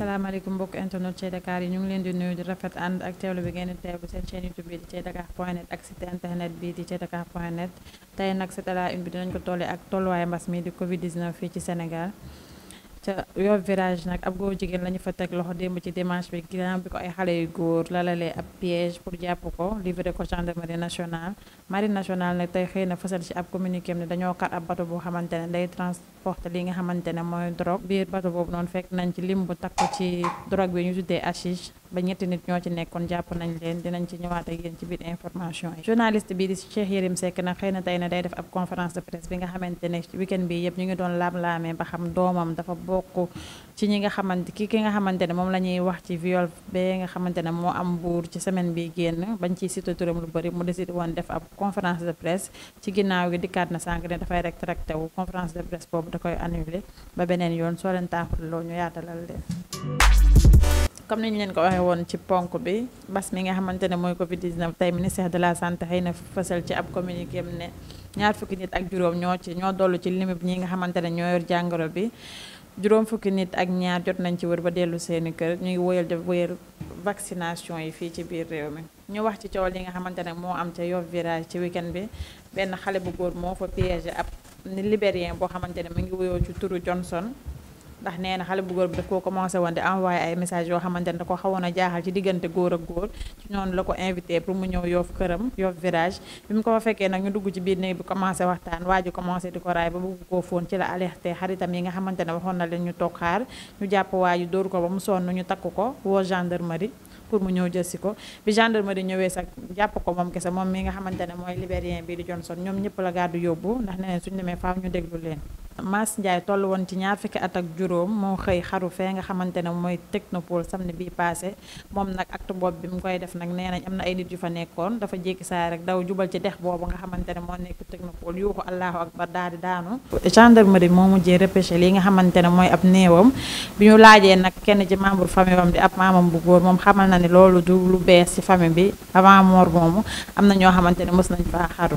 asalaamaaleykum mbokk internet Thiès Dakar yi ñu ngi leen di nuyu di rafet ànd ak teewlu bi ngeen di teewlu seen chaîne YouTube bi di Thiès point net ak internet bi di Thiès Dakar point net tey nag c'est à la une bi dinañ ko tolle ak tolluwaay mbas mi di Covid 19 fii ci senegal ca Yoff Village nag ab góor jigéen lañu fa teg loxo démb ci dimanche bi ginnaaw bi ko ay xale yu góor lalalee ab piège pour jàpp ko livré ko gendarmerie nationale marine nationale nag tey xëy na fësal ci ab communiqué ne dañoo xar ab bato boo xamante ne day transporte li nga xamante ne mooy drogue biir bato boobu noonu fekk nañ ci lim bu ci drogue bi ñu tuddee hashish ba ñetti nit ñoo ci nekkoon jàpp nañ leen dinañ ci ñëwaat ak yéen ci biir information yi journaliste bi di Cheikh Yérim Seck nag xëy na tey ne day def ab conférence de presse bokk ci ñi nga xamante ki ki nga xamante ne moom la ñuy wax ci viol bee nga xamante ne moo am buur ci semaine bi génn bañ ciy cité lu bari mu décidé woon def ab conférence de presse ci ginnaaw gi dikkaat na sànq ne dafay retracté wu conférence de presse boobu da koy annulé ba beneen yoon soo leen taaxurloo ñu yaatalal leen comme ni ñu leen ko waxee woon ci ponk bi bas mi nga xamante ne mooy covid 19 tey ministère de la santé xëy na fësal ci ab communiqué ne ñaar fukki nit ak juróom ñoo ci ñoo dollu ci limib ñi nga xamante ne ñoo yor bi juróom fukki nit ak ñaar jot nañ ci war ba dellu seeni kër ñu ngi woyal def wéer vaccination yi fii ci biir réew mi ñu wax ci coow li nga xamante ne moo am ca Yoff Virage ci weekend bi benn xale bu góor moo fa piégé ab libérien boo xamante ne mu ngi woyoo ci turu Johnson ndax nee na xale bu góor bi daf koo commencé woon di envoyé ay message yoo xamante ne da ko xawoon a jaaxal ci diggante góor ak góor ci noonu la ko invité pour mu ñëw yoof këram yoof village bi mu ko fa fekkee nag ñu dugg ci biir néeg bi commencé waxtaan waa ji commencé di ko raay ba bëgg koo fóon ci la alerté xaritam yi nga xamante ne waxoon na leen ñu toog xaar ñu jàpp waa ji dóor ko ba mu sonn ñu takk ko woo gendarmerie pour mu ñëw jël si ko bi gendarmerie ñëwee sax jàpp ko moom kese moom mi nga xamante ne mooy libérien bi di Johnson ñoom ñëpp la gàddu yóbbu ndax neneen suñu demee faaw ñu déglu leen Mass Ndiaye toll woon ci ñaar fukki at ak juróom moo xëy xaru fee nga xamante ne mooy technopole ne bii passé moom nag acte boobu bi mu koy def nag nee nañ am na ay nit yu fa nekkoon dafa jékki saa rek daw jubal ci dex boobu nga xamante ne moo nekk technopole yuuxu allahu akbar daal di daanu gendarmerie moo mujjee repêché lii nga xamante ne mooy ab néewam bi ñu laajee nag kenn ci membre famille wam di ab maamam bu góor moom xamal na ne loolu du lu bees ci famille bi avant mort moomu am na ñoo xamante ne mës nañ faa xaru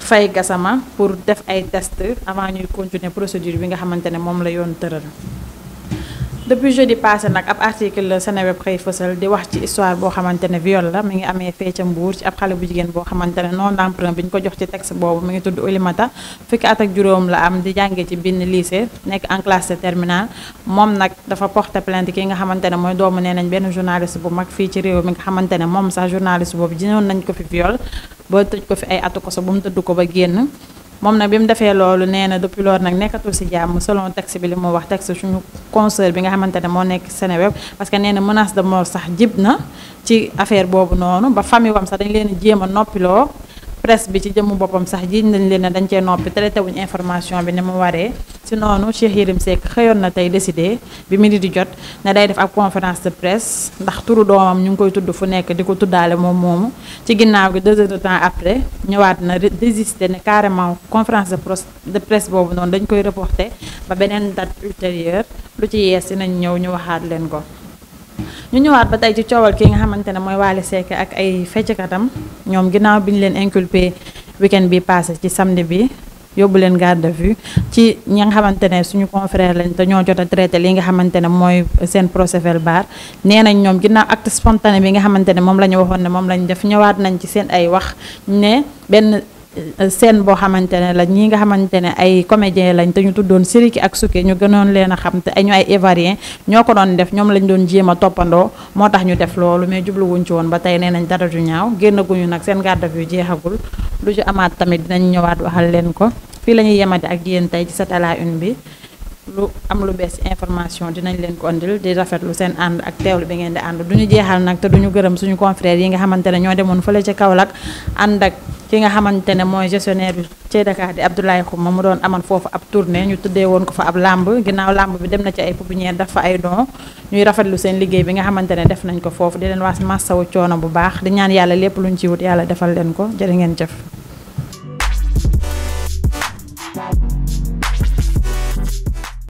Faye Gassama pour def ay test avant ñuy continuer procédure bi nga xamante ne moom la yoon tëral depuis jeudi passé nag ab article la Seneweb xëy fësal di wax ci histoire boo xamante ne viol la mi ngi amee fee ca Mbuur ci ab xale bu jigéen boo xamante ne non d'emprunt bi ñu ko jox ci texte boobu mi ngi tudd Oulimata fikk at ak juróom la am di jàngee ci binn lycée nekk en classe de terminale moom nag dafa porter plainte ki nga xamante ne mooy doomu nee nañ benn journaliste bu mag fii ci réew mi nga xamante ne moom sax journaliste boobu jinoon nañ ko fi viol ba tëj ko fi ay atu ko so mu tëdd ko ba génn moom nag bi mu defee loolu nee na depuis nag nekkatul si jàmm selon texte bi li mu wax texte suñu concert bi nga xamante ne moo nekk Seneweb parce que nee na menace de mort sax jib na ci affaire boobu noonu ba famille wam sax dañ leen a jéem a noppiloo presse bi ci jëmmu boppam sax jiiñ nañ leen ne dañ cee noppi traité wuñ information bi ni mu waree si noonu Cheikh Yérim Seck xëyoon na tey décidé bi midi di jot ne day def ab conférence de presse ndax turu doomam ñu ngi koy tudd fu nekk di ko tuddaale moom moomu ci ginnaaw gi deux heures de temps après ñëwaat na désister ne carrément conférence de presse boobu noonu dañ koy reporté ba beneen date ultérieure lu ci yees si nañ ñëw ñu waxaat leen ko ñu ñëwaat ba tey ci coowal ki nga xamante ne mooy Wally Seck ak ay fecckatam ñoom ginnaaw bi ñu leen inculpé weekend bi passé ci samedi bi yóbbu leen garde à vue ci ñi nga xamante ne suñu confrère lañ te ñoo jot traité li nga xamante ne mooy seen procès baar nee nañ ñoom ginnaaw acte spontané bi nga xamante ne moom la ñu waxoon ne moom lañu def ñëwaat nañ ci seen ay wax ne benn. Euh, seen boo xamante ne la ñi nga xamante ne ay comédien lañ te tuddoon Siriki ak Suke ñu gënoon leen a xam te ñu ay ko doon def ñoom lañ doon jéem a toppandoo moo tax ñu def loolu mais jubluwuñ ci woon ba tey nee nañ dara ju ñaaw génnaguñu nag seen garde à jeexagul lu ci amaat tamit dinañ ñëwaat waxal leen ko fii la ñuy yemate ak yéen tey ci sa à la une bi lu am lu bees information dinañ leen ko andil di rafetlu seen ànd ak teewlu bi ngeen di ànd duñu jeexal nag te duñu gërëm suñu confrères yi nga xamante ne ñoo demoon fële ca Kaolack ànd ak ki nga xamante ne mooy gestionnaire bi ci Dakar di Abdoulaye Khouma mu doon amal foofu ab tournée ñu tuddee woon ko fa ab làmb ginnaaw làmb bi dem na ci ay pouponnières def fa ay don ñuy rafetlu seen liggéey bi nga xamante ne def nañ ko foofu di leen waas massawu coono bu baax di ñaan yàlla lépp lu ñu ci wut yàlla defal leen ko jële ngeen jëf